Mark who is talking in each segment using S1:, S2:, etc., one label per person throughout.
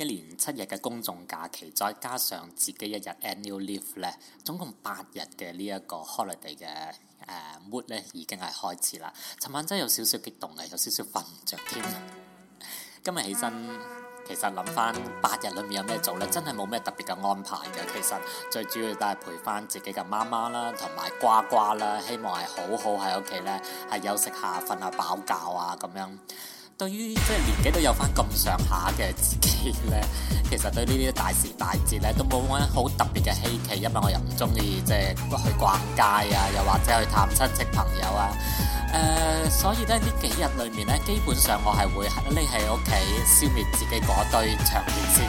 S1: 一年七日嘅公眾假期，再加上自己一日 annual leave 咧，總共八日嘅、呃、呢一個 holiday 嘅誒 mood 咧，已經係開始啦。尋晚真係有少少激動嘅，有少少瞓唔着添。今日起身，其實諗翻八日裏面有咩做咧，真係冇咩特別嘅安排嘅。其實最主要都係陪翻自己嘅媽媽啦，同埋瓜瓜啦，希望係好好喺屋企咧，係休息下，瞓下飽覺啊，咁樣。對於即係年紀都有翻咁上下嘅自己咧，其實對大事大呢啲大時大節咧都冇乜好特別嘅稀奇，因為我又唔中意即係去逛街啊，又或者去探親戚朋友啊。誒、呃，所以咧呢幾日裏面咧，基本上我係會匿喺屋企，消滅自己嗰堆長面
S2: 先。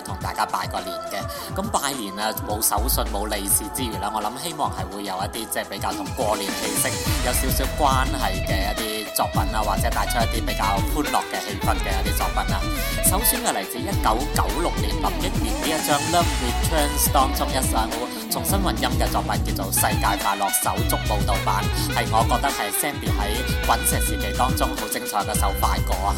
S1: 同大家拜個年嘅，咁拜年啊，冇手信冇利是之餘啦，我諗希望係會有一啲即係比較同過年氣息有少少關係嘅一啲作品啦，或者帶出一啲比較歡樂嘅氣氛嘅一啲作品啦。首先係嚟自一九九六年林憶蓮呢一張《Love Returns》當中一首重新混音嘅作品，叫做《世界快樂手足舞蹈版》，係我覺得係 Sandy 喺滾石時期當中好精彩嘅一首快歌啊！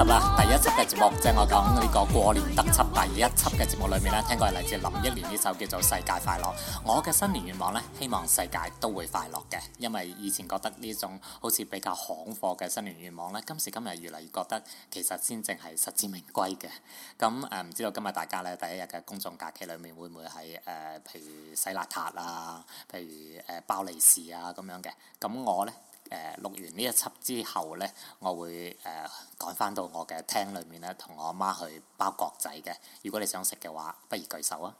S1: 啦，第一輯嘅節目即係我講呢個過年特輯第一輯嘅節目裏面咧，聽過係嚟自林憶蓮呢首叫做《世界快樂》。我嘅新年願望咧，希望世界都會快樂嘅。因為以前覺得呢種好似比較行貨嘅新年願望咧，今時今日越嚟越覺得其實先正係實至名歸嘅。咁、嗯、誒，唔知道今日大家咧第一日嘅公眾假期裏面會唔會係誒、呃，譬如洗邋遢啊，譬如誒爆、呃、利是啊咁樣嘅。咁、嗯、我咧？誒，錄、呃、完呢一輯之後咧，我會誒趕翻到我嘅廳裏面咧，同我阿媽去包角仔嘅。如果你想食嘅話，不如舉手啊！